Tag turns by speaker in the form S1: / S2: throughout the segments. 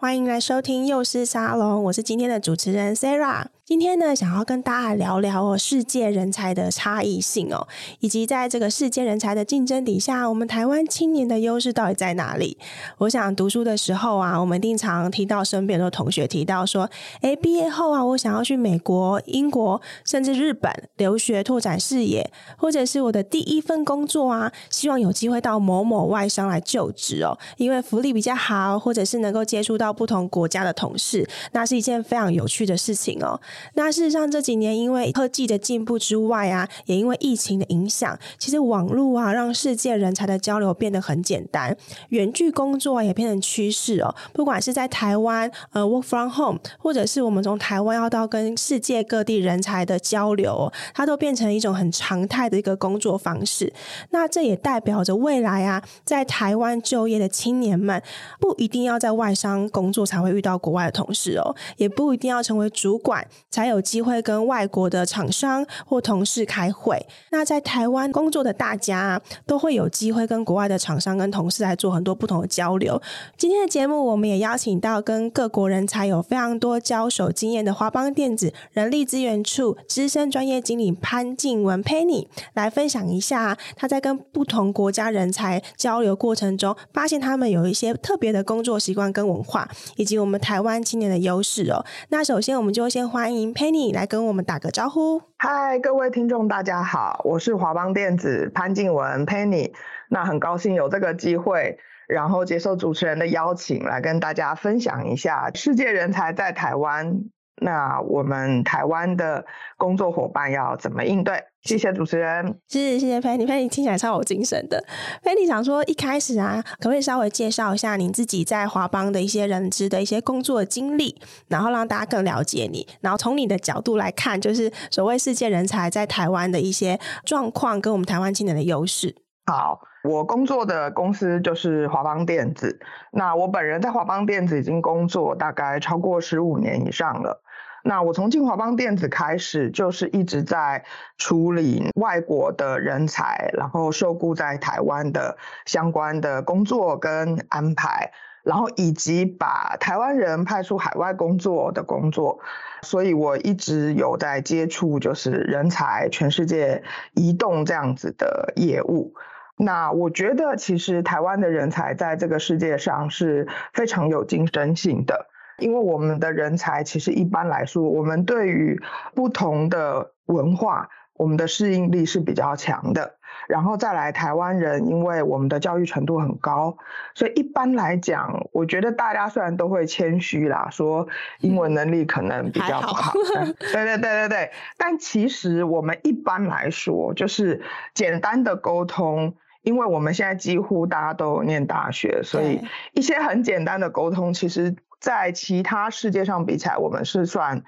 S1: 歡迎來收聽幼師沙龍，我是今天的主持人 Sarah。今天呢，想要跟大家聊聊哦，世界人才的差異性哦，以及在這個世界人才的競爭底下，我們台灣青年的優勢到底在哪裡？我想讀書的時候啊，我們經常聽到身邊的同學提到說，誒，畢業後啊，我想要去美國、英國，甚至日本留學，拓展視野，或者是我的第一份工作啊，希望有機會到某某外商來就職哦，因為福利比較好，或者是能夠接觸到不同國家的同事，那是一件非常有趣的事情哦。那事實上，這幾年因為科技的進步之外啊，也因為疫情的影響，其實網絡啊，讓世界人才的交流變得很簡單，遠距工作也變成趨勢哦。不管是在台灣，呃，work from home，或者是我們從台灣要到跟世界各地人才的交流，哦，它都變成一種很常態的一個工作方式。那這也代表着未來啊，在台灣就業的青年們，不一定要在外商工作才會遇到國外的同事哦，也不一定要成為主管。才有機會跟外國的廠商或同事開會。那在台灣工作的大家啊，都會有機會跟國外的廠商跟同事來做很多不同的交流。今天的節目，我們也邀請到跟各國人才有非常多交手經驗的華邦電子人力資源處資深專業經理潘敬雯 （Penny） 來分享一下，他在跟不同國家人才交流過程中，發現他們有一些特別的工作習慣跟文化，以及我們台灣青年的優勢哦。那首先，我們就先歡迎。Penny 來跟我們打
S2: 個招呼。嗨，各位聽眾，大家好，我是華邦電子潘敬雯 Penny。那很高興有這個機會，然後接受主持人的邀請，來跟大家分享一下世界人才在台灣，那我們台灣的工作夥伴要怎麼應對？謝謝主持人，謝
S1: 謝謝佩妮，佩妮聽起來超有精神的。佩妮想說，一開始啊，可不可以稍微介紹一下你自己在華邦的一些任職的一些工作經歷，然後讓大家更了解你，然後從你的角度來看，就是所謂世界人才在台灣的一些狀況跟我們台灣青年的優勢。
S2: 好，我工作的公司就是華邦電子，那我本人在華邦電子已經工作大概超過十五年以上了。那我從進華邦電子開始，就是一直在處理外國的人才，然後受雇在台灣的相關的工作跟安排，然後以及把台灣人派出海外工作的工作，所以我一直有在接觸就是人才全世界移動這樣子的業務。那我覺得其實台灣的人才在這個世界上是非常有競爭性的。因為我們的人才其實一般來說，我們對於不同的文化，我們的適應力是比較強的。然後再來台灣人，因為我們的教育程度很高，所以一般來講，我覺得大家雖然都會謙虛啦，說英文能力可能比較不好。對、嗯、 對對對對。但其實我們一般來說，就是簡單的溝通，因為我們現在幾乎大家都念大學，所以一些很簡單的溝通，其實。在其他世界上比起來，我們是算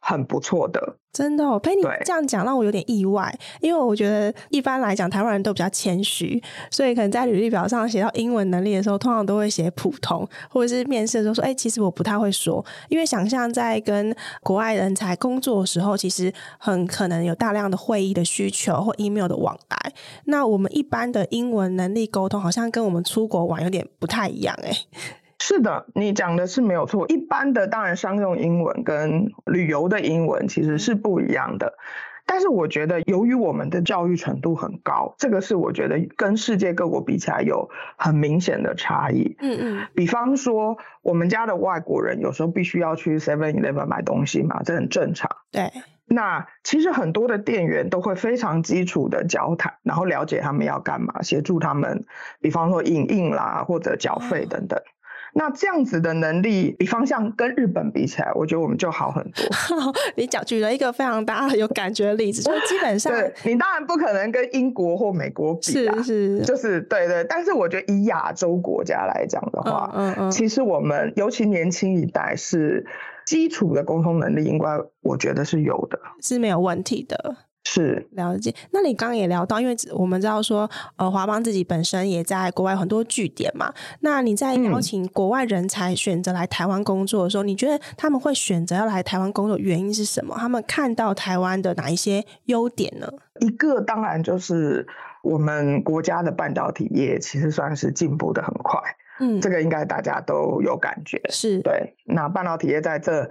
S2: 很不錯的。真的、哦，我聽你這
S1: 樣講讓我有點意外，對因為我覺得一般來講台灣人都比較謙虛，所以可能在履歷表上寫到英文能力的時候，通常都會寫普通，或者是面試的時候說：“哎、欸，其實我不太會說。”因為想象在跟國外人才工作的時候，其實很可能有大量的會議的需求或 email 的往來。那我們一般的英文能力溝
S2: 通，好像跟我們出國玩有點不太一樣，哎。是的，你講的是沒有錯。一般的當然商用英文跟旅遊的英文其實是不一樣的，但是我覺得由於我們的教育程度很高，這個是我覺得跟世界各國比起來有很明顯的差異。嗯嗯。比方說我們家的外國人有時候必須要去 Seven Eleven 買東西嘛，這很正常。對。那其實很多的店員都會非常基礎的交談，然後了解他們要幹嘛，協助他們，比方說影印啦或者繳費等等。哦那這樣子的能力，比方像跟日本比起來，我覺得我們就好很
S1: 多。 你講舉了一個非常大
S2: 家有感覺的例子， 就基本上，對，你當然不可能跟英國或美國比，是是，就是，對對對。但是我覺得以亞洲國家來講的話，嗯嗯嗯，其實我們尤其年輕一代是基礎的溝通能力，應該我覺得是有的，
S1: 是沒有問題的。是，了解。那你剛剛也聊到，因為我們知道說，呃，華邦自己本身也在國外很多據點嘛。那你在邀請國外人才選擇來台灣工作的時候，嗯、你覺得他們會選擇要來台灣工作的原因是什麼？他們看到台灣的哪一些優點
S2: 呢？一個當然就是我們國家的半導體業其實算是進步得很快。嗯，這個應該大家都有感覺。是對。那半導體業在這。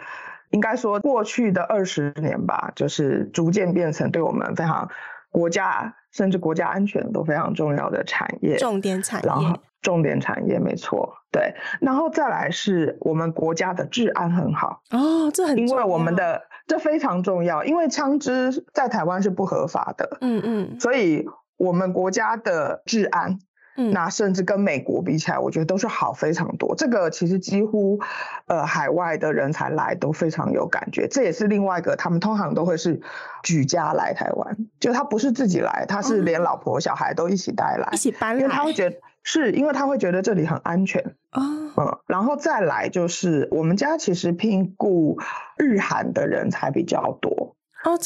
S2: 應該說，過去的二十年吧，就是逐漸變成對我們非常國家甚至國家安全都非常重要的產業。重點產業。然後，重點產業，沒錯。對，然後再來是我們國家的治安很好哦，這很重要。因為我們的這非常重要，因為槍支在台灣是不合法的。嗯嗯，所以我們國家的治安。嗯，那甚至跟美國比起來，我覺得都是好非常多。這個其實幾乎，呃，海外的人才來都非常有感覺。這也是另外一個，他們通常都會是舉家來台灣，就他不是自己來，他是連老婆小孩都一起帶來，一起搬來。因為他會覺得是因為他會覺得這裡很安全啊，嗯，然後再來就是我們家其實聘雇日韓的人才比較多。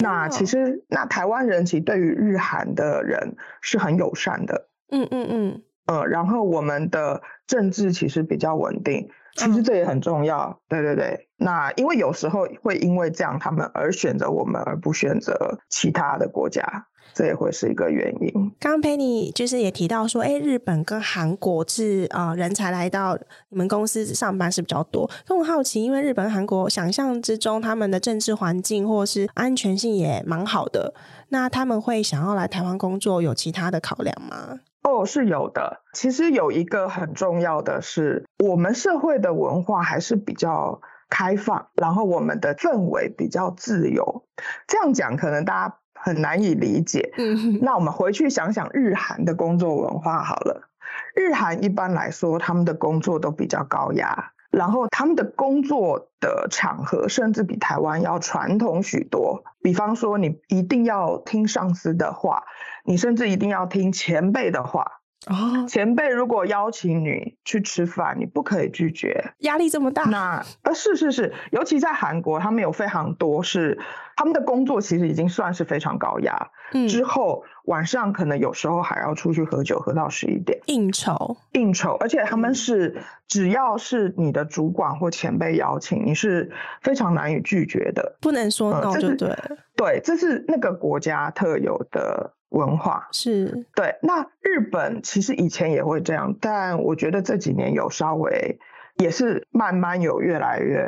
S2: 那其實那台灣人其實對於日韓的人是很友善的。嗯嗯嗯，呃、嗯嗯嗯，然後我們的政治其實比較穩定，其實這也很重要。嗯、對對對，那因為有時候會因為這樣，他們而選擇我們，而不選擇其他的國家，這也會是一個原因。剛
S1: 剛 Penny 就是也提到說，誒日本跟韓國是啊，呃，人才來到你們公司上班是比較多。我好奇，因為日本、韓國想象之中他們的政治環境或是安全性也蠻好的，那他們會想要來台灣工作，有其他的考量嗎？
S2: 哦，是有的。其實有一個很重要的是，我們社會的文化還是比較開放，然後我們的氛圍比較自由。這樣講可能大家很難以理解。嗯哼，那我們回去想想日韓的工作文化好了。日韓一般來說，他們的工作都比較高壓。然後他們的工作的場合，甚至比台灣要傳統許多。比方說，你一定要聽上司的話，你甚至一定要聽前輩的話。哦，前輩如果邀請你去吃飯，你不可以拒絕。壓力這麼大？那呃，是是是，尤其在韓國，他們有非常多是他們的工作，其實已經算是非常高壓。嗯、之後晚上可能有時候還要出去喝酒，喝到十一點。應酬，應酬，而且他們是、嗯、只要是你的主管或前輩邀請，你是非常難以拒絕的，不能說 no，對、嗯、對，這是那個國家特有的。文化是對，那日本其實以前也會這樣，但我覺得這幾年有稍微，也是慢慢有越來越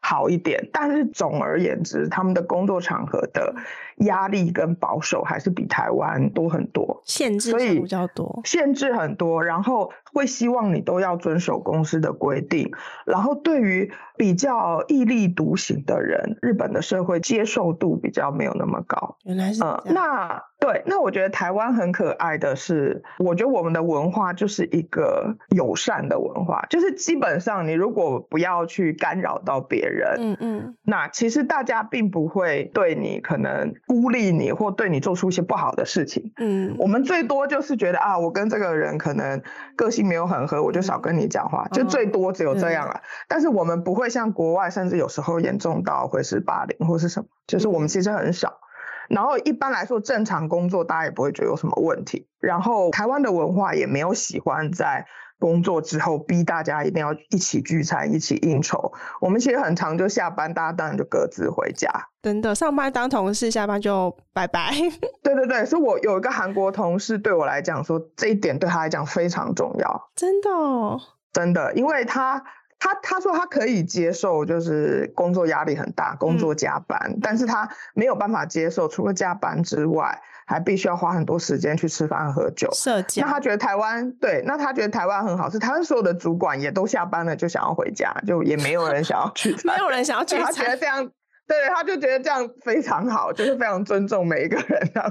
S2: 好一點。但是總而言之，他們的工作場合的嗯壓力跟保守還是比台灣多很多，限制比較多，限制很多，然後會希望你都要遵守公司的規定，然後對於比較毅力獨行的人，日本的社會接受度比較沒有那麼高。原來是這樣。呃、那對，那我覺得台灣很可愛的是，我覺得我們的文化就是一個友善的文化，就是基本上你如果不要去干擾到別人，嗯嗯，那其實大家並不會對你可能。孤立你或對你做出一些不好的事情，嗯，我們最多就是覺得啊，我跟這個人可能個性沒有很合，我就少跟你講話，嗯、就最多只有這樣了。嗯、但是我們不會像國外，甚至有時候嚴重到會是霸凌或是什麼，嗯、就是我們其實很少。嗯、然後一般來說正常工作大家也不會覺得有什麼問題。然後台灣的文化也沒有喜歡在工作之後逼大家一定要一起聚餐，一起應酬。我們其實很常就下班，大家當然就各自回家。真的，上班當同事，下班就拜拜。 對對對，所以我有一個韓國同事，對我來講說，這一點對他來講非常重要。真的哦，真的，因為他他他說他可以接受，就是工作壓力很大，工作加班，嗯，但是他沒有辦法接受除了加班之外。還必須要花很多時間去吃飯喝酒，設計，那他覺得台灣，對，那他覺得台灣很好，是他所有的主管也都下班了，就想要回家，就也沒有人想要去， 沒有人想要去，他覺得這樣，對，他就覺得這樣非常好，就是非常尊重每一個人。啊，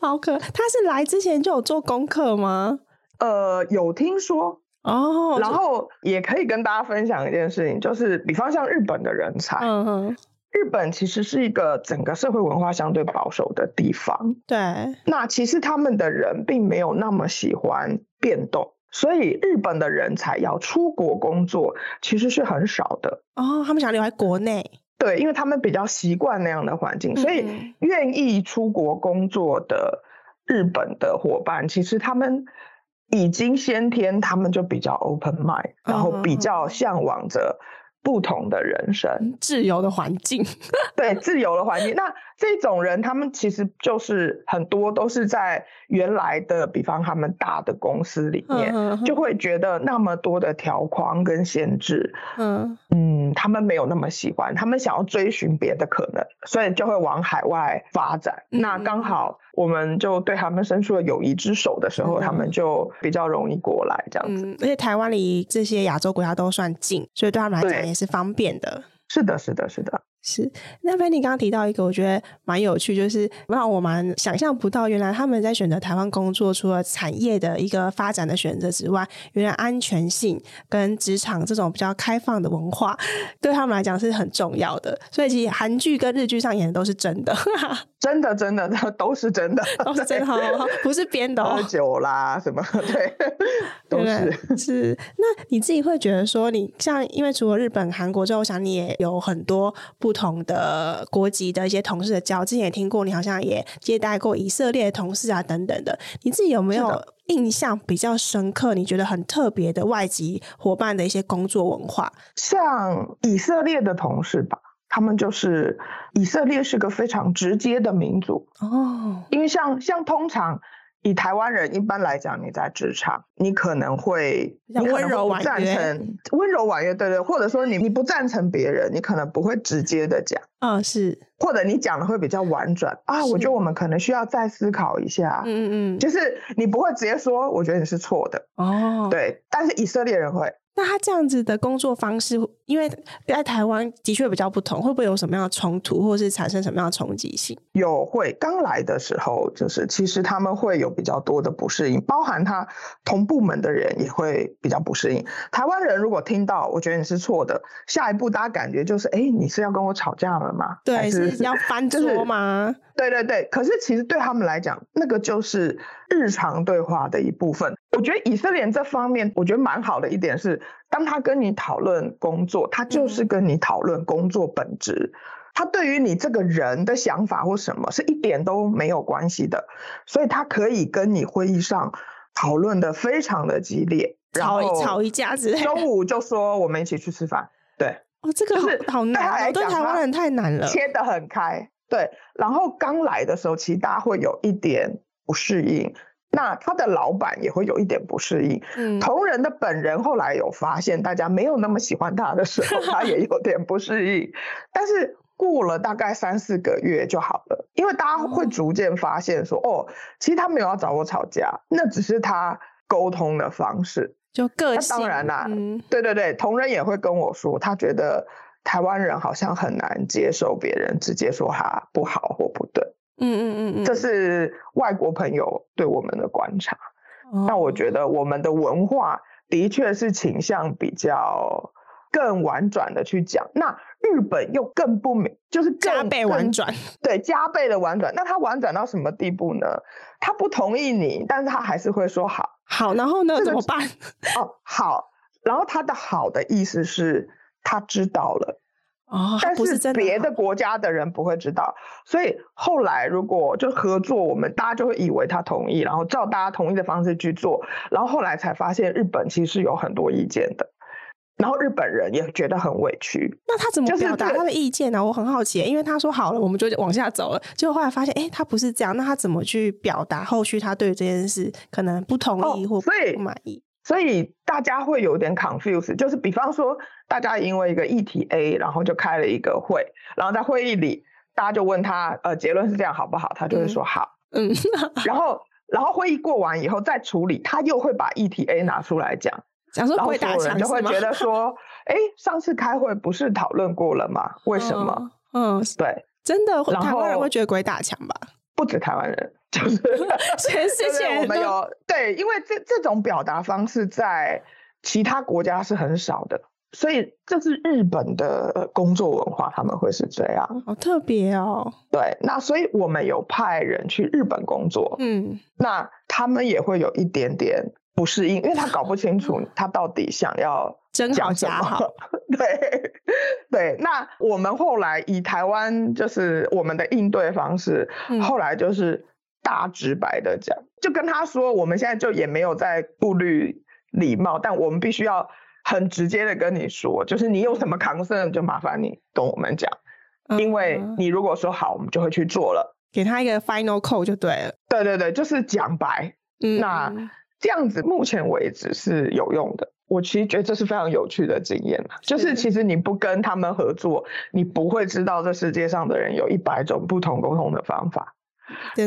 S1: 哈， 好可，他是來之前就有做功課嗎？
S2: 呃，有聽說哦，然後也可以跟大家分享一件事情，就是比方像日本的人才，嗯哼日本其實是一個整個社會文化相對保守的地方，對。那其實他們的人並沒有那麼喜歡變動，所以日本的人才要出國工作其實是很少的。哦，他們想要留在國內。對，因為他們比較習慣那樣的環境，所以願意出國工作的日本的夥伴，嗯，其實他們已經先天他們就比較 open mind，哦，然後比較向往着。不同的人生，自由的環境， 對，自由的環境。那這種人，他們其實就是很多都是在原來的，比方他們大的公司裡面，呵呵呵就會覺得那麼多的條框跟限制，呵嗯，他們沒有那麼喜歡，他們想要追尋別的可能，所以就會往海外發展。那剛好。嗯我們就對他們伸出了友誼之手的時候，嗯，他們就比較容易過來這樣
S1: 子。嗯，而且台灣離這些亞洲國家都算近，所以對他們來講也是方便的。是的，是的，是的。是，那 Fanny 剛剛提到一個，我覺得蠻有趣，就是讓我蠻想象不到，原來他們在選擇台灣工作，除了產業的一個發展的選擇之外，原來安全性跟職場這種比較開放的文化，對他們來講是很重要的。所以其實韓劇跟日劇上演的都是真的，
S2: 真的真的，都是真的，都是真的，對，不是編的，喝酒啦什麼，對，都是
S1: 是。那你自己會覺得說你，你像因為除了日本、韓國之後，我想你也有很多不。不同的國籍的一些同事的交，之前也聽過你好像也接待過以色列同事啊等等的，你自己有沒有印象比較深刻？的你覺得很特別的外籍夥伴的一些工作文化，
S2: 像以色列的同事吧，他們就是以色列是個非常直接的民族哦，因為像、像通常。以台灣人一般來講，你在職場，你可能會，溫柔婉約，溫柔婉約，對，對對，或者說你你不贊成別人，你可能不會直接的講，嗯、哦，是，或者你講的會比較婉轉啊。是我覺得我們可能需要再思考一下，嗯嗯，就是你不會直接說，我覺得你是錯的哦，對，但是以色列人會。
S1: 那他這樣子的工作方式，因為在台灣的確比較不同，會不會有什麼樣的衝突，或者是產生什麼樣的衝擊性？
S2: 有會，剛來的時候就是，其實他們會有比較多的不適應，包含他同部門的人也會比較不適應。台灣人如果聽到，我覺得你是錯的，下一步大家感覺就是，哎、欸，你是要跟我吵架了嗎？對，是，是要翻桌嗎？對對對。可是其實對他們來講，那個就是日常對話的一部分。我覺得以色列這方面，我覺得蠻好的一點是，當他跟你討論工作，他就是跟你討論工作本質，嗯、他對於你這個人的想法或什麼是一點都沒有關係的，所以他可以跟你會議上討論的非常的激烈，吵吵一架子，中午就說我們一起去吃飯。嗯、對，哦，這個好難，我對，、哦、對台灣人太難了，切得很開。對，然後剛來的時候，其實大家會有一點不適應。那他的老闆也會有一點不適應，嗯、同仁的本人後來有發現大家沒有那麼喜歡他的時候， 他也有點不適應。但是過了大概三四個月就好了，因為大家會逐漸發現說，嗯、哦，其實他沒有要找我吵架，那只是他溝通的方式，就個性。當然啦，啊，嗯、對對對，同仁也會跟我說，他覺得台灣人好像很難接受別人直接說他不好或不對。嗯嗯嗯嗯，這是外國朋友對我們的觀察。哦、那我覺得我們的文化的確是傾向比較更婉轉的去講。那日本又更不明，就是更加倍婉轉，對，加倍的婉轉。那他婉轉到什麼地步呢？他不同意你，但是他還是會說好，好，然後呢？怎麼辦？哦，好，然後他的好的意思是，他知道了。哦，是真的，但是別的國家的人不會知道，所以後來如果就合作，我們大家就會以為他同意，然後照大家同意的方式去做，然後後來才發現日本其實是有很多意見的，然後日本人也覺得很委屈。哦、
S1: 那他怎麼表達他的意見呢？我很好奇、欸，因為他說好了，我們就往下走了，結果後來發現，哎、欸，他不是這樣，那他怎麼去表達後續他對這件事可能不同
S2: 意或不滿意？哦所以大家會有點 confuse 就是比方說，大家因為一個議題 A，然後就開了一個會，然後在會議裡，大家就問他，呃，結論是這樣好不好？他就會說好，嗯。 然後，然後會議過完以後再處理，他又會把議題 A 拿出來講，講說鬼打牆，人就會覺得說，哎是嗎、 欸，上次開會不是討論過了嗎？為什麼？嗯、哦，哦、對，真的，台灣人會覺得鬼打牆吧？不止台灣人，就是 全世界人，就是我們有，對，因為這這種表達方式在其他國家是很少的，所以這是日本的工作文化，他們會是這樣。
S1: 好特別哦。
S2: 對，那所以我們有派人去日本工作，
S1: 嗯，
S2: 那他們也會有一點點不適應，因為他搞不清楚他到底想要。真假假，對對，那我們後來以台灣就是我們的應對方式，嗯、後來就是大直白的講，就跟他說，我們現在就也沒有在顧慮禮貌，但我們必須要很直接的跟你說，就是你有什麼 concern 就麻煩你跟我們講，因為你如果說好，我們就會去做了，給他一個 final call 就對了，對對對，就是講白，嗯嗯，那這樣子目前為止是有用的。我其實覺得這是非常有趣的經驗，是就是其實你不跟他們合作，你不會知道這世界上的人有一百種不同溝通的方法，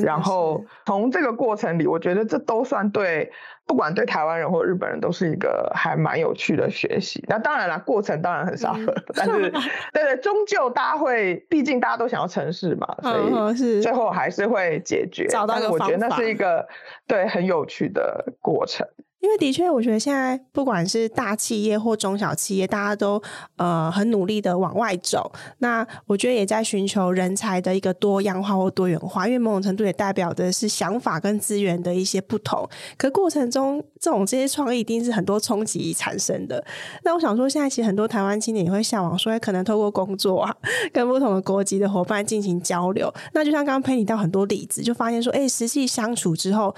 S2: 然後從這個過程裡，我覺得這都算對。不管對台灣人或日本人都是一個還蠻有趣的學習。那當然了，過程當然很少，嗯、但是 對，對對，終究大家會，畢竟大家都想要成事嘛，所以最後還是會解決。嗯、找到一個方法。我覺得那是一個對很有趣的過程。
S1: 因為的確，我覺得現在不管是大企業或中小企業，大家都呃很努力的往外走。那我覺得也在尋求人才的一個多樣化或多元化，因為某種程度也代表的是想法跟資源的一些不同。可過程中。這種這些創意一定是很多衝擊產生的，那我想說，現在其實很多台灣青年也會嚮往，所以可能透過工作啊，跟不同的國籍的夥伴進行交流。那就像剛剛陪你到很多例子，就發現說，哎、欸，實際相處之後。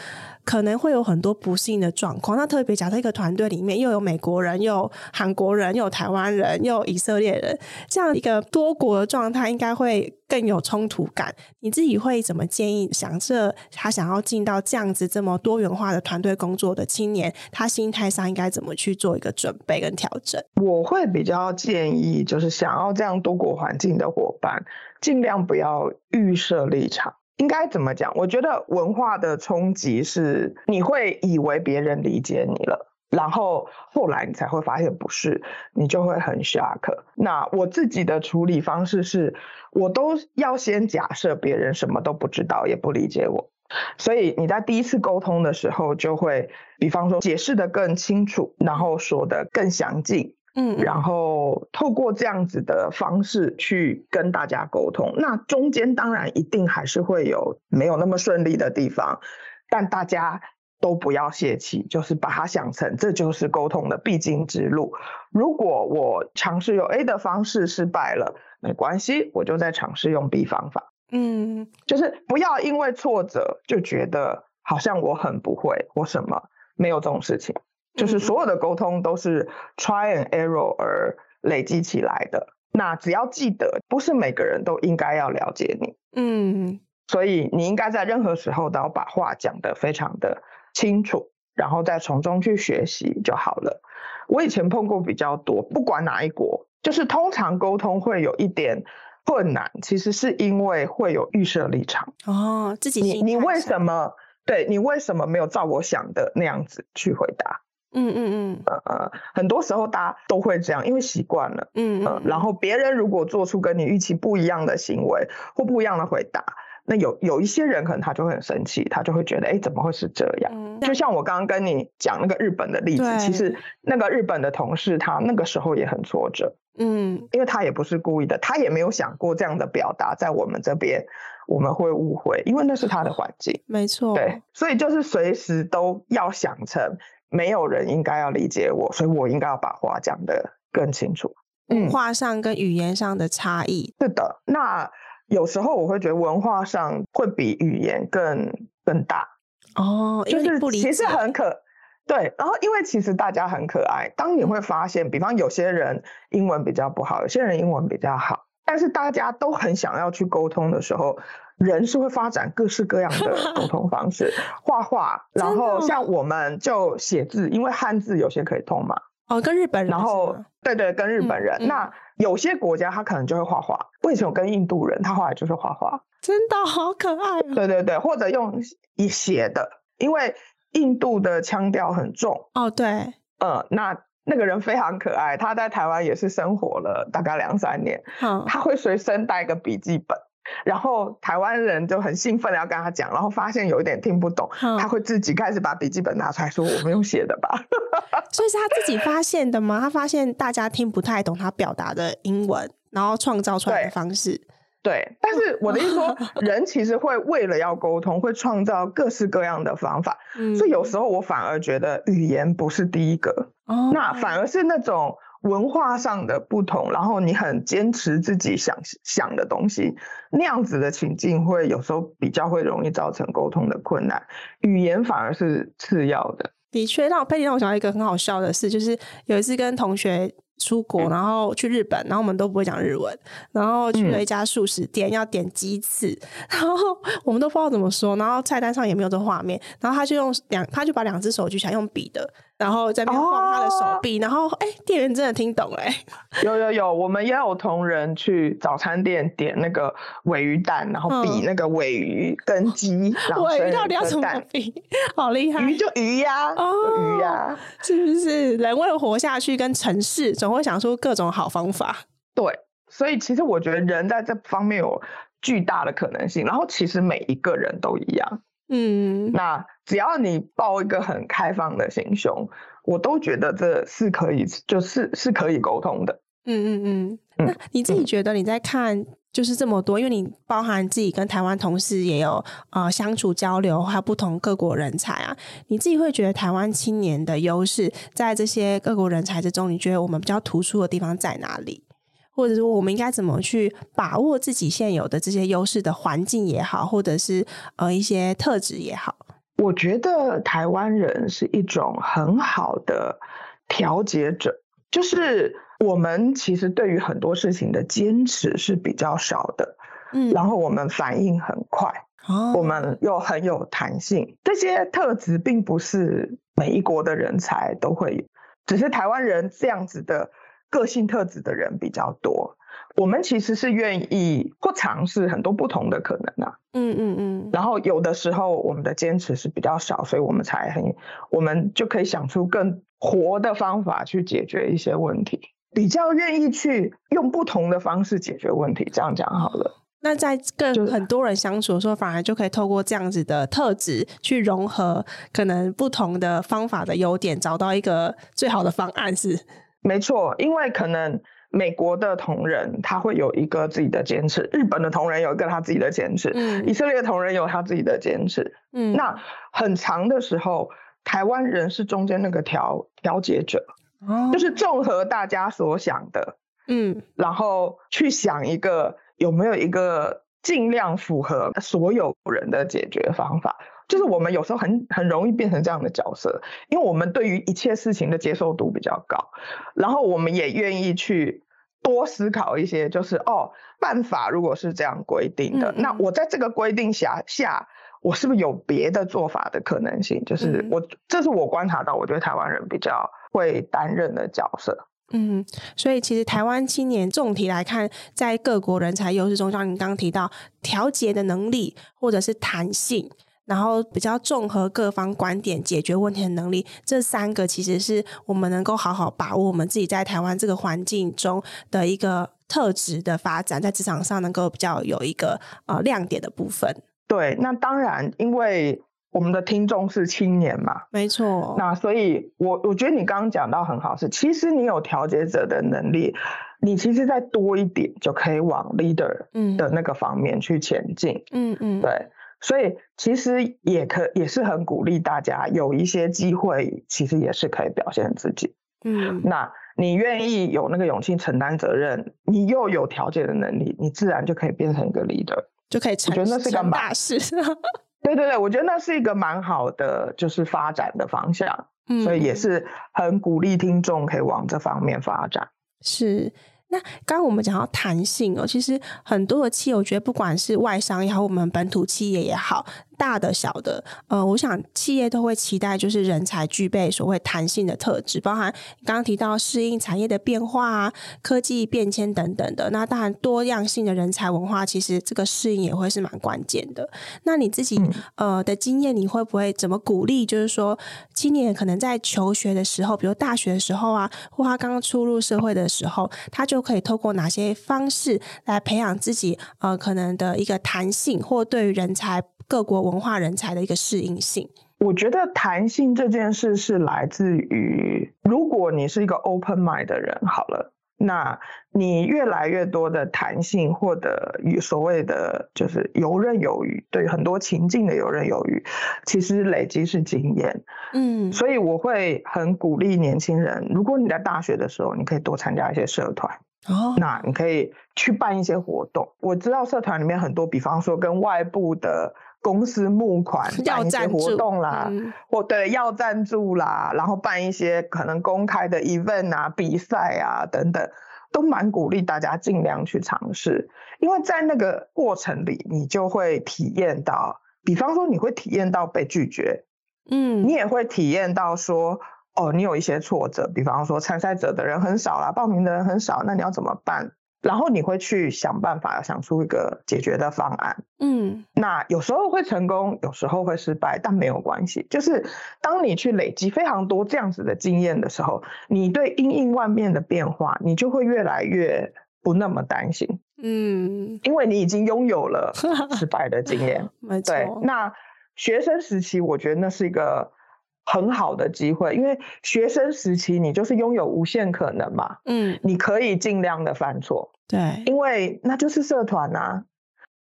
S1: 可能會有很多不幸的狀況。那特別假設一個團隊裡面又有美國人，又有韓國人，又有台灣人，又有以色列人，這樣一個多國的狀態，應該會更有衝突感。你自己會怎麼建議？想這他想要進到這樣子這麼多元化的團隊工作的
S2: 青年，他心態上應該怎麼去做一個準備跟調整？我會比較建議，就是想要這樣多國環境的夥伴，盡量不要預設立場。應該怎麼講？我覺得文化的衝擊是你會以為別人理解你了，然後後來你才會發現不是，你就會很 shock。那我自己的處理方式是，我都要先假設別人什麼都不知道，也不理解我，所以你在第一次溝通的時候就會，比方說解釋得更清楚，然後說得更詳盡。嗯，然後透過這樣子的方式去跟大家溝通，那中間當然一定還是會有沒有那麼順利的地方，但大家都不要洩氣，就是把它想成這就是溝通的必經之路。如果我嘗試用 A 的方式失敗了，沒關係，我就再嘗試用 B 方法。嗯，就是不要因為挫折就覺得好像我很不會我什麼，沒有這種事情。就是所有的溝通都是 try and error 而累積起來的。那只要記得，不是每個人都應該要了解你。嗯。所以你應該在任何時候都要把話講得非常的清楚，然後再從中去學習就好了。我以前碰過比較多，不管哪一國，就是通常溝通會有一點困難，其實是因為會有預設立場。
S1: 哦，自己心。你你為什麼？
S2: 對，你為什麼沒有照我想的那樣子去回答？嗯嗯嗯，呃、嗯、呃，嗯嗯、很多時候大家都會這樣，因為習慣了。嗯嗯。然後別人如果做出跟你預期不一樣的行為或不一樣的回答，那有有一些人可能他就會很生氣，他就會覺得，哎、欸，怎麼會是這樣？嗯。就像我剛剛跟你講那個日本的例子，對其實那個日本的同事他那個時候也很挫折。嗯。因為他也不是故意的，他也沒有想過這樣的表達，在我們這邊我們會誤會，因為那是他的環境。嗯、沒錯。對，所以就是隨時都要想成。沒有人應該要理解我，所以我應該要把話講得更清楚。嗯、文
S1: 化上跟語言上的差異
S2: 是的，那有時候我會覺得文化上會比語言更更大哦，因為不理解就是其實很可對，然後因為其實大家很可愛，當你會發現，嗯、比方有些人英文比較不好，有些人英文比較好，但是大家都很想要去溝通的時候，人是會發展各式各樣的溝通方式， 畫畫，然後像我們就寫字，因為漢字有些可以通嘛。哦，跟日本人，然後對對，跟日本人。嗯、那有些國家他可能就會畫畫。嗯、為什麼跟印度人？他後來就是畫畫，真的好可愛啊。對對對，或者用寫的，因為印度的腔調很重。哦，對，嗯，那那個人非常可愛，他在台灣也是生活了大概兩三年，嗯好，他會隨身帶一個筆記本。然後台灣人就很興奮的要跟他講，然後發現有一點聽不懂，嗯、他會自己開始把筆記本拿出來說：“我們用寫的吧。
S1: ”所以是他自己發現的嗎？他發現大家聽不太懂他表達的英文，然後創造出來的方式。
S2: 對，對，但是我的意思說，嗯、人其實會為了要溝通，會創造各式各樣的方法。嗯、所以有時候我反而覺得語言不是第一個，哦、那反而是那種。文化上的不同，然後你很堅持自己想想的東西，那樣子的情境會有時候比較會容易造成溝通的困難，語言反而是次要的。的
S1: 確，讓我佩蒂讓我想到一個很好笑的事，就是有一次跟同學出國，嗯、然後去日本，然後我們都不會講日文，然後去了一家素食店，嗯、要點雞翅，然後我們都不知道怎麼說，然後菜單上也沒有這畫面，然後他就用兩，他就把兩隻手舉起來，用比的。然後在那邊晃他的手臂，哦、然後哎、欸，店員真的聽
S2: 懂哎。有有有，我們也有同仁去早餐店點那個鮪魚蛋，然後比那個鮪魚跟雞，嗯、然後更到底要怎麼
S1: 比？好厲害！魚就魚呀、啊，哦、魚呀、啊，是不是？人為了活下去，跟城市總會想出各種好方法。
S2: 對，所以其實我覺得人在這方面有巨大的可能性。然後其實每一個人都一樣，嗯，那。只要你抱一個很開放的心胸，我都覺得這是可以，就是是可以溝通的。嗯
S1: 嗯嗯、那、啊、你自己覺得你在看就是這麼多，嗯、因為你包含自己跟台灣同事也有呃相處交流，還有不同各國人才啊，你自己會覺得台灣青年的優勢在這些各國人才之中，你覺得我們比較突出的地方在哪裡？或者說我們應該怎麼去把握自己現有的這些優勢的環境也好，
S2: 或者是呃一些特質也好？我覺得台灣人是一種很好的調解者，就是我們其實對於很多事情的堅持是比較少的，嗯，然後我們反應很快，哦，我們又很有彈性，這些特質並不是每一國的人才都會有，只是台灣人這樣子的個性特質的人比較多。我們其實是願意或嘗試很多不同的可能，嗯、啊、嗯嗯，嗯嗯，然後有的時候我們的堅持是比較少，所以我們才很，我們就可以想出更活的方法去解決一些問題，比較願意去用不同的方式解決問題。這樣講好了，
S1: 那在跟很多人相處的時候，啊、反而就可以透過這樣子的特質去融合可能不同的方法
S2: 的優點，找到一個最好的方案是。沒錯，因為可能。美國的同仁他會有一個自己的堅持，日本的同仁有一個他自己的堅持，嗯，以色列同仁有他自己的堅持，嗯，那很長的時候，台灣人是中間那個調調解者，哦，就是綜合大家所想的，嗯，然後去想一個有沒有一個儘量符合所有人的解決方法，就是我們有時候很很容易變成這樣的角色，因為我們對於一切事情的接受度比較高，然後我們也願意去。多思考一些，就是哦，辦法如果是這樣規定的，嗯嗯，那我在這個規定下下，我是不是有別的做法的可能性？就是我，嗯，這是我觀察到，我覺得台灣人比較會擔任的角色。嗯，
S1: 所以其實台灣青年總體來看，在各國人才優勢中，像您剛剛提到調節的能力或者是彈性。然後比較綜合各方觀點解決問題的能力，這三個其實是我們能夠好好把握我們自己在台灣這個環境中的一個特質的發展，在職場上能夠比較有一個呃亮點的部分。
S2: 對，那當然，因為我們的聽眾是青年嘛，沒錯。那所以我，我我覺得你剛剛講到很好是，是其實你有調解者的能力，你其實再多一點就可以往 leader 的那個方面去前進。嗯嗯，對。所以其實也可，也是很鼓勵大家有一些機會，其實也是可以表現自己。嗯，那你願意有那個勇氣承擔責任，你又有調解的能力，你自然就可以變成一個 leader，就可以成為那是一個大事。 對對對，我覺得那是一個蠻好的，就是發展的方向。嗯，所以也是很鼓勵聽眾可以往這方面發展。是。那
S1: 剛剛我們講到彈性哦，其實很多的企業，我覺得不管是外商也好，我們本土企業也好。大的小的，呃，我想企業都會期待，就是人才具備所謂彈性的特質，包含剛剛提到適應產業的變化啊、科技變遷等等的。那當然，多樣性的人才文化，其實這個適應也會是蠻關鍵的。那你自己呃的經驗，你會不會怎麼鼓勵？就是說，青年可能在求學的時候，比如大學的時候啊，或他剛出入社會的時候，他就可以透過哪些方式來培養自己呃可能的一個彈性，或對於人
S2: 才各國。文化人才的一個適應性，我覺得彈性這件事是來自於，如果你是一個 open mind 的人，好了，那你越來越多的彈性，或者所謂的就是游刃有餘，對很多情境的游刃有餘，其實累積是經驗，嗯，所以我會很鼓勵年輕人，如果你在大學的時候，你可以多參加一些社團，哦，那你可以去辦一些活動，我知道社團裡面很多，比方說跟外部的。公司募款，辦一些活動啦，嗯、或對要贊助啦，然後辦一些可能公開的 event 啊、比賽啊等等，都蠻鼓勵大家盡量去嘗試，因為在那個過程裡，你就會體驗到，比方說你會體驗到被拒絕，嗯，你也會體驗到說，哦，你有一些挫折，比方說參賽者的人很少啦、啊，報名的人很少，那你要怎麼辦？然後你會去想辦法，想出一個解決的方案。嗯，那有時候會成功，有時候會失敗，但沒有關係。就是當你去累積非常多這樣子的經驗的時候，你對因應萬變的變化，你就會越來越不那麼擔心。嗯，因為你已經擁有了失敗的經驗。 沒錯。對，那學生時期，我覺得那是一個。很好的機會，因為學生時期你就是擁有無限可能嘛，嗯，你可以盡量的犯錯，對，因為那就是社團啊，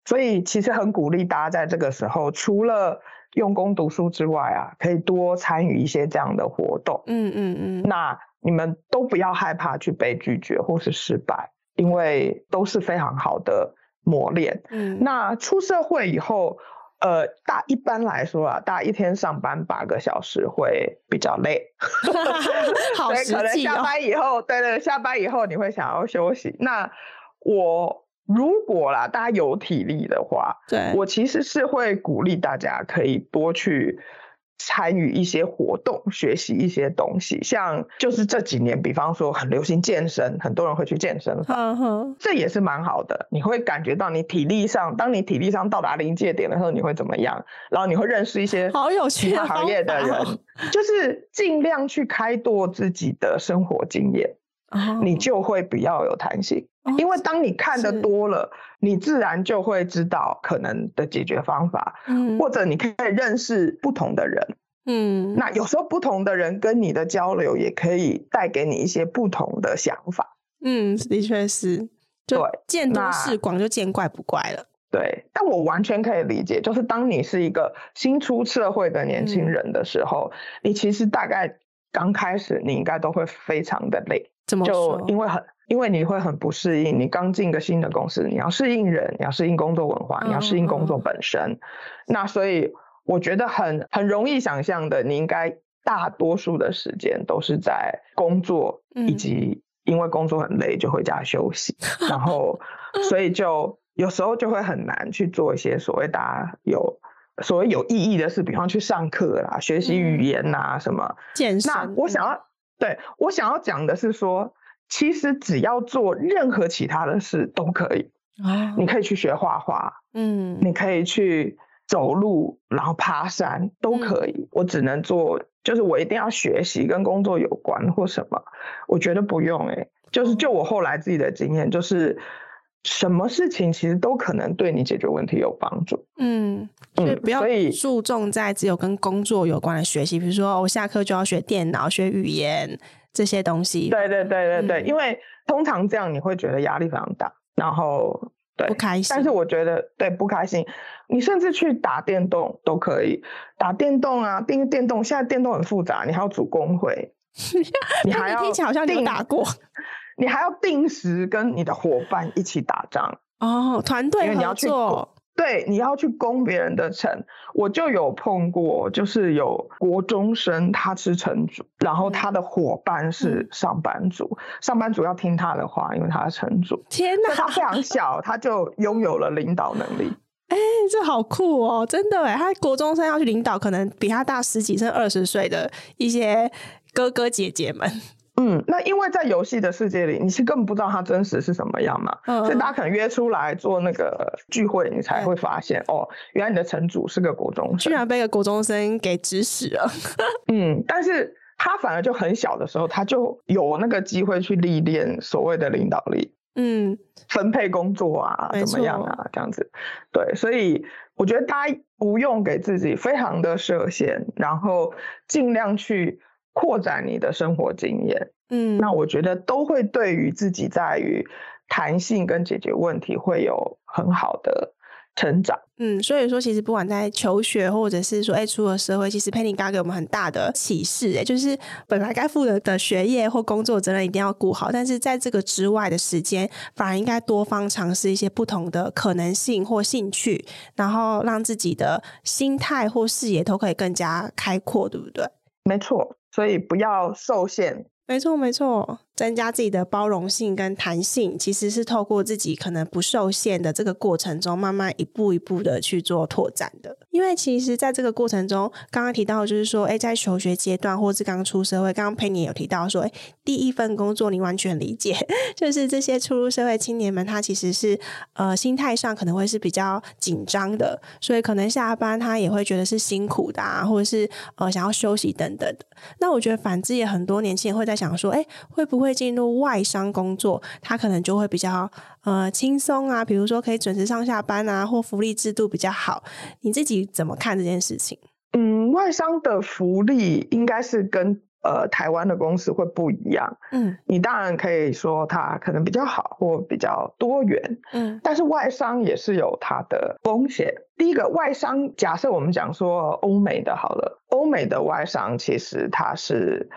S2: 所以其實很鼓勵大家在這個時候，除了用功讀書之外啊，可以多參與一些這樣的活動，嗯嗯嗯，嗯嗯，那你們都不要害怕去被拒絕或是失敗，因為都是非常好的磨練，嗯，那出社會以後。呃，大一般來說啊，大一天上班八個小時會比較累，對， 好實際哦，可能下班以後，對，對對，下班以後你會想要休息。那我如果啦，大家有體力的話，對我其實是會鼓勵大家可以多去。參與一些活動，學習一些東西，像就是這幾年，比方說很流行健身，很多人會去健身房，嗯哼呵，這也是蠻好的。你會感覺到你體力上，當你體力上到達臨界點的時候，你會怎麼樣？然後你會認識一些好有趣行業的人，的就是盡量去開拓自己的生活經驗。你就會比較有彈性，哦、因為當你看的多了，是你自然就會知道可能的解決方法，嗯、或者你可以認識不同的人。嗯，那有時候不同的人跟你的交流也可以帶給你一些不同的想法。嗯，
S1: 的確是，對，就見多識廣，就見怪不怪了
S2: 對。對，但我完全可以理解，就是當你是一個新出社會的年輕人的時候，嗯、你其實大概剛開始你應該都會非常的累。就因為很，因為你會很不適應。你剛進個新的公司，你要適應人，你要適應工作文化，你要適應工作本身。Uh huh. 那所以我覺得很很容易想象的，你應該大多數的時間都是在工作，嗯、以及因為工作很累就回家休息。 然後，所以就有時候就會很難去做一些所謂大家有所謂有意義的事，比方去上課啦、學習語言啦、啊、什麼。
S1: 健身，那我想要。嗯
S2: 對，我想要講的是說，其實只要做任何其他的事都可以啊，哦、你可以去學畫畫，嗯，你可以去走路，然後爬山都可以。嗯、我只能做，就是我一定要學習跟工作有關或什麼，我覺得不用誒、欸、就是就我後來自己的經驗就是。什麼事情其實都可能對你解決問題有幫助。嗯，
S1: 所以不要所以注重在只有跟工作有關的學習，嗯、比如說我、哦、下課就要學電
S2: 腦、學語言這些東西。對對對對對，嗯、因為通常這樣你會覺得壓力非常大，然後對，不開心。但是我覺得對不開心，你甚至去打電動都可以，打電動啊，定電，電動。現在電動很複雜，你還要組工會， 你還要聽起來好像你打過。 你還要定時跟你的夥伴一起打仗哦，團隊合作你要。對，你要去攻別人的城。我就有碰過，就是有國中生，他是城主，然後他的夥伴是上班族，嗯、上班族要聽他的話，因為他是城主。天哪，他非常小，他就擁有了領導能力。哎、欸，這好酷
S1: 哦，真的哎，他國中生要去領導，可能比他大十幾甚至二十歲的一些哥哥姐姐們。
S2: 那因為在遊戲的世界裡，你是根本不知道他真實是什麼樣嘛，所以大家可能約出來做那個聚會，你才會發現哦，原來你的城主是個國中生，居然被一個國中生給指使了。嗯，但是他反而就很小的時候，他就有那個機會去歷練所謂的領導力，嗯，分配工作啊，怎麼樣啊，這樣子，對，所以我覺得大家不用給自己非常的設限，然後儘量去擴展你的生活經驗。嗯，那我覺得都會對於自己在於彈性跟解決問題會有很好的成長。
S1: 嗯，所以說其實不管在求學或者是說，哎，出了社會，其實佩妮剛剛給我們很大的啟示，哎，就是本來該負責的學業或工作真的一定要顧好，但是在這個之外的時間，反而應該多方嘗試一些不同的可能性或興趣，然後讓自己的心態或視野都可以更加開闊，對不對？沒錯，所以不要受限。沒錯，沒錯。增加自己的包容性跟彈性，其實是透過自己可能不受限的這個過程中，慢慢一步一步的去做拓展的。因為其實在這個過程中，剛剛提到就是說，哎，在求學階段，或是剛出社會，剛剛佩妮也有提到說，哎，第一份工作你完全理解，就是這些初入社會青年們，他其實是呃心態上可能會是比較緊張的，所以可能下班他也會覺得是辛苦的啊，或者是呃想要休息等等的。那我覺得，反之也很多年輕人會在想說，哎，會不會會進入外商工作，他可能就會比較呃輕鬆啊，比如說可以準時上下班啊，或福利制度比較好。你自己
S2: 怎麼看這件事情？嗯，外商的福利應該是跟呃台灣的公司會不一樣。嗯，你當然可以說它可能比較好或比較多元。嗯，但是外商也是有它的風險。第一個，外商假設我們講說歐美的好了，歐美的外商其實它是。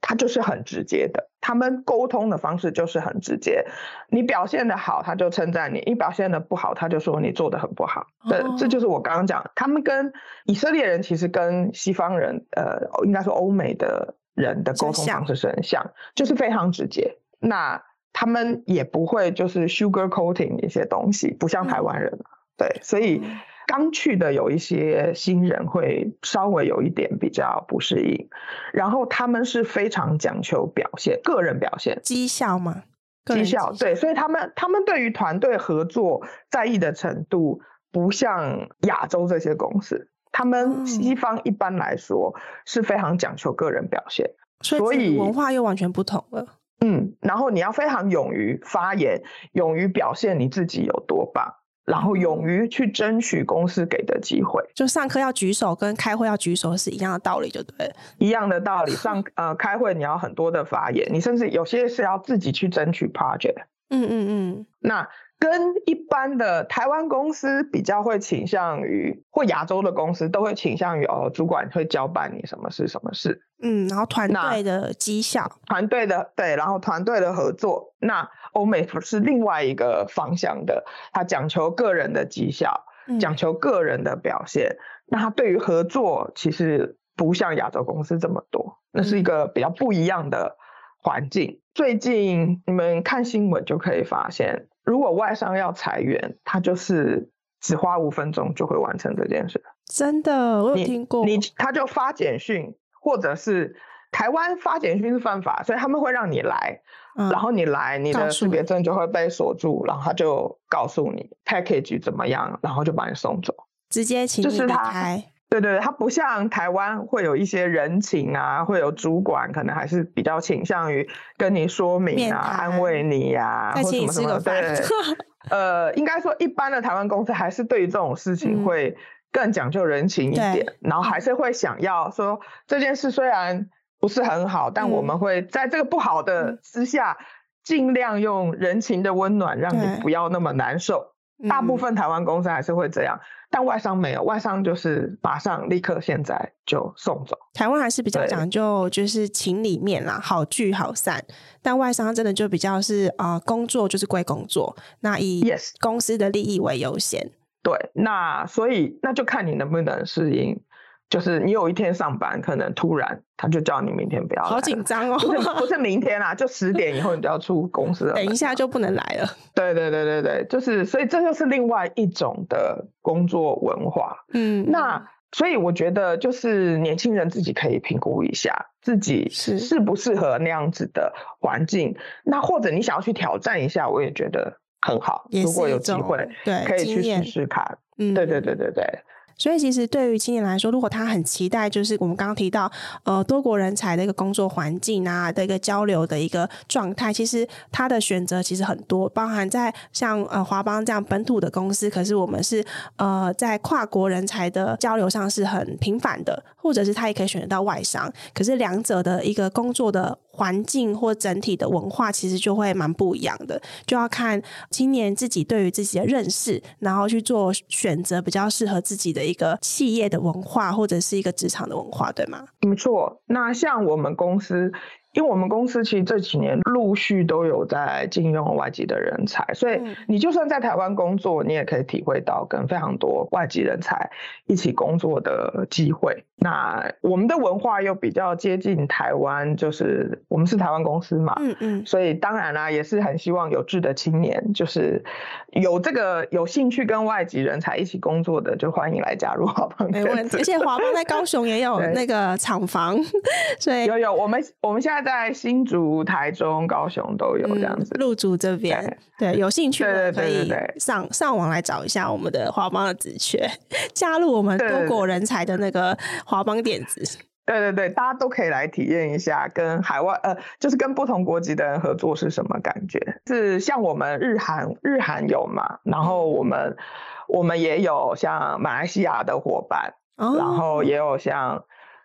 S2: 他就是很直接的，他們溝通的方式就是很直接。你表現得好，他就稱讚你；你表現得不好，他就說你做得很不好。哦、對，這就是我剛剛講，他們跟以色列人其實跟西方人，呃，應該說歐美的人的溝通方式是很像，是像就是非常直接。那他們也不會就是 sugar coating 一些東西，不像台灣人。嗯、對，所以。嗯。剛去的有一些新人會稍微有一點比較不適應，然後他們是非常講求表現，個人表現，績效嘛，績效，績效，對，所以他們他們對於團隊合作在意的程度不像亞洲這些公司，嗯，他們西方一般來說是非常講求個人表現，所以文化又完全不同了。嗯，然後你要非常勇於發言，勇於表現你自己有多棒。然後勇於去爭取公司給的機會，就上課要舉手，跟開會要舉手是一樣的道理，就對，一樣的道理。上呃開會你要很多的發言，你甚至有些是要自己去爭取 project。嗯。嗯嗯嗯。那跟一般的台灣公司比較，會傾向於或亞洲的公司都會傾向於哦，主管會交辦你什麼事什麼事。嗯，然後團隊的績效，團隊的對，然後團隊的合作，那。歐美是另外一個方向的，他講求個人的績效，嗯、講求個人的表現。那他對於合作其實不像亞洲公司這麼多，那是一個比較不一樣的環境。嗯、最近你們看新聞就可以發現，如果外商要裁員，他就是只花五分鐘就會完成這件事。真的，我有聽過，你他就發簡訊，或者是台灣發簡訊是犯法，所以他們會讓你來。嗯、然後你來，你的識別證就會被鎖住，嗯、然後他就告訴你 package 怎麼樣，然後就把你送走，直接請你離開。就是他，對對對，他不像台灣會有一些人情啊，會有主管可能還是比較傾向於跟你說明啊，談安慰你呀、啊，你或什麼什麼的。對， 呃，應該說一般的台灣公司還是對於這種事情會更講究人情一點，嗯、然後還是會想要說這件事雖然。不是很好，但我們會在這個不好的之下，嗯、盡量用人情的溫暖，讓你不要那麼難受。對大部分台灣公司還是會這樣，嗯、但外商沒有，外商就是馬上立刻現在就送走。台灣還是比較講究，就是
S1: 情理面啦，對好聚好散。但外商真的就比較是啊、呃，工作就是歸
S2: 工作，那以公司的利益為優先。Yes. 對，那所以那就看你能不能適應。就是你有一天上班，可能突然他就叫你明天不要來。好緊張哦，不是不是明天啦，啊，就十點以後你就要出公司了。 等一下就不能來了。對對對對對，就是所以這就是另外一種的工作文化。嗯，那嗯所以我覺得就是年輕人自己可以評估一下自己適適不適合那樣子的環境，是那或者你想要去挑戰一下，我也覺得很好。也是一種，如果有機會，對可以去試試看。嗯，對對對對對。
S1: 所以，其實對於青年來說，如果他很期待，就是我們剛剛提到，呃，多國人才的一個工作環境啊的一個交流的一個狀態，其實他的選擇其實很多，包含在像呃華邦這樣本土的公司，可是我們是呃在跨國人才的交流上是很頻繁的。或者是他也可以選擇到外商，可是兩者的一個工作的環境或整體的文化其實就會蠻不一樣的，就要看青年自己對於自己的認識，然後去做選擇比較適合自己的一
S2: 個企業的文化或者是一個職場的文化，對嗎？沒錯，那像我們公司。因為我們公司其實這幾年陸續都有在聘用外籍的人才，所以你就算在台灣工作，你也可以體會到跟非常多外籍人才一起工作的機會。那我們的文化又比較接近台灣，就是我們是台灣公司嘛，嗯嗯，嗯所以當然啦、啊，也是很希望有志的青年，就是有這個有興趣跟外籍人才一起工作的，就歡迎來加入華邦。好吧，沒問題， 而且華邦在高雄也有那
S1: 個廠房，對所以有有我們我們現在。在新竹、台中、高雄都有這樣子路竹、嗯、這邊，對有興趣的可以上上網來找一下我們的華邦的職缺，加入我們多國人才的那個華邦電子。
S2: 對對對，大家都可以來體驗一下，跟海外呃，就是跟不同國籍的人合作是什麼感覺？是像我們日韓，日韓有嘛？然後我們我們也有像馬來西亞的夥伴，然後也有像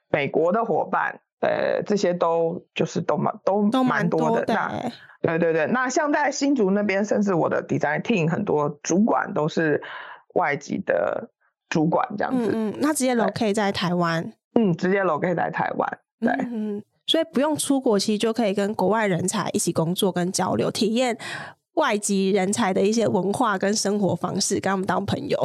S2: 美國的夥伴。哦呃，這些都就是都蠻都都蠻多的。多那對，對對對，那像在新竹那邊，甚至我的 design team 很多主管都是外籍的主管，這樣子。嗯嗯，
S1: 那直接 locate 在台灣。嗯，直接 locate 在台灣。對。嗯，所以不用出國，其實就可以跟國外人才一起工作跟交流，體驗外籍人才的一些文化跟生活方式，跟他們當朋友。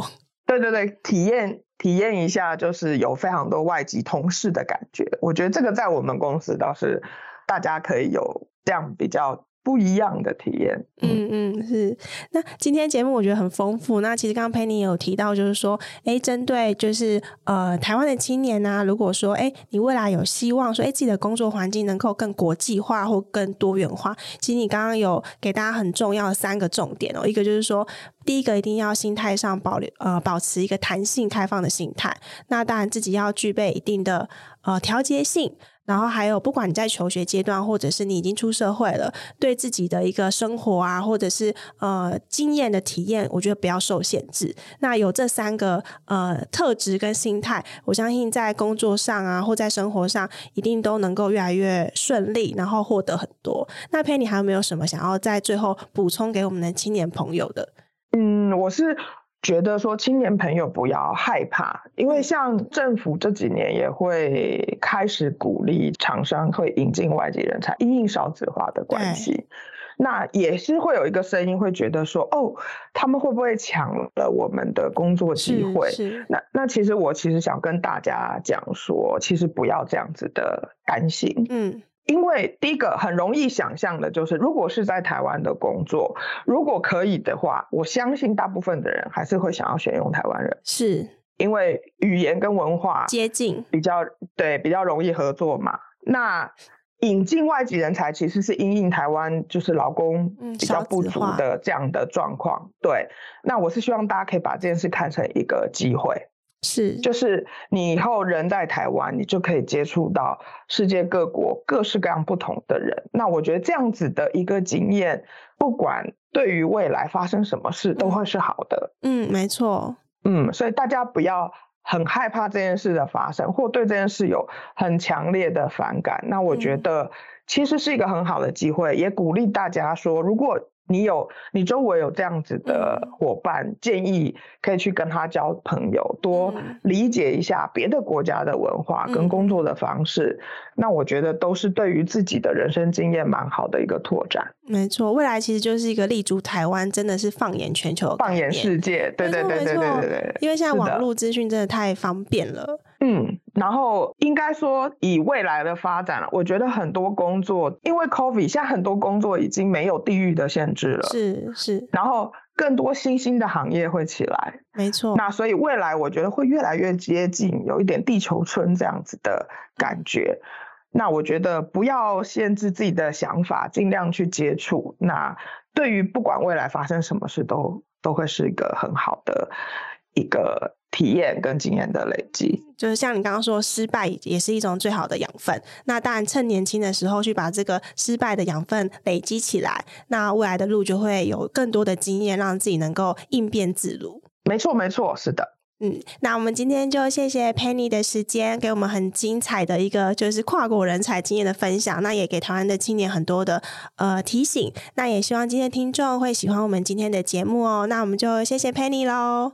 S2: 對對對，體驗。體驗一下，就是有非常多外籍同事的感覺。我覺得這個在我們公司倒是大家可以有這樣比較不一樣的體驗。嗯嗯，
S1: 是。那今天節目我覺得很豐富。那其實剛剛 p e 有提到，就是說，哎，針對就是呃台灣的青年呢、啊，如果說哎你未來有希望說，哎自己的工作環境能夠更國際化或更多元化，其實你剛剛有給大家很重要的三個重點哦，一個就是說。第一個一定要心態上保留呃保持一個彈性開放的心態，那當然自己要具備一定的呃調節性，然後還有不管你在求學階段或者是你已經出社會了，對自己的一個生活啊或者是呃經驗的體驗，我覺得不要受限制。那有這三個呃特質跟心態，我相信在工作上啊或在生活上一定都能夠越來越順利，然後獲得很多。那佩妮還有沒有什麼想要在最後補充給我們的
S2: 青年朋友的？嗯，我是覺得說青年朋友不要害怕，因為像政府這幾年也會開始鼓勵廠商會引進外籍人才，因應少子化的關係，對那也是會有一個聲音會覺得說，哦，他們會不會搶了我們的工作機會？那那其實我其實想跟大家講說，其實不要這樣子的擔心。嗯。因為第一個很容易想象的就是，如果是在台灣的工作，如果可以的話，我相信大部分的人還是會想要選用台灣人，是因為語言跟文化接近，比較對比較容易合作嘛。那引進外籍人才其實是因應台灣就是勞工比較不足的這樣的狀況。嗯、對，那我是希望大家可以把這件事看成一個機會。是，就是你以後人在台灣，你就可以接觸到世界各國各式各樣不同的人。那我覺得這樣子的一個經驗，不管對於未來發生什麼事，都會是好的。嗯，嗯，沒錯。嗯，所以大家不要很害怕這件事的發生，或對這件事有很強烈的反感。那我覺得其實是一個很好的機會，也鼓勵大家說，如果。你有，你周圍有這樣子的夥伴，嗯、建議可以去跟他交朋友，嗯、多理解一下別的國家的文化跟工作的方式。嗯、那我覺得都是對於自己的人生經驗蠻好的一個拓展。
S1: 沒錯，未來其實就是一個立足台灣，真的是放眼全球，放眼世界。
S2: 對對對對對對，因為現在網
S1: 絡資訊真的太方便了。
S2: 嗯，然後應該說以未來的發展，我覺得很多工作，因為 COVID 現在很多工作已經沒有地域的限制了，是是。是然後，更多新興的行業會起來，沒錯。那所以未來我覺得會越來越接近有一點地球村這樣子的感覺。嗯，那我覺得不要限制自己的想法，儘量去接觸。那對於不管未來發生什麼事都，都都會是一個很好的。一個體驗跟經驗的累積，嗯，
S1: 就是像你剛剛說，失敗也是一種最好的養分。那當然，趁年輕的時候去把這個失敗的養分累積起來，那未來的路就會有更多的經驗，讓自己能夠應變自如。
S2: 沒錯，沒錯，是的。
S1: 嗯，那我們今天就謝謝 Penny 的時間，給我們很精彩的一個就是跨國人才經驗的分享，那也給台灣的青年很多的呃提醒。那也希望今天的聽眾會喜歡我們今天的節目哦、喔。那我們就謝謝 Penny 咯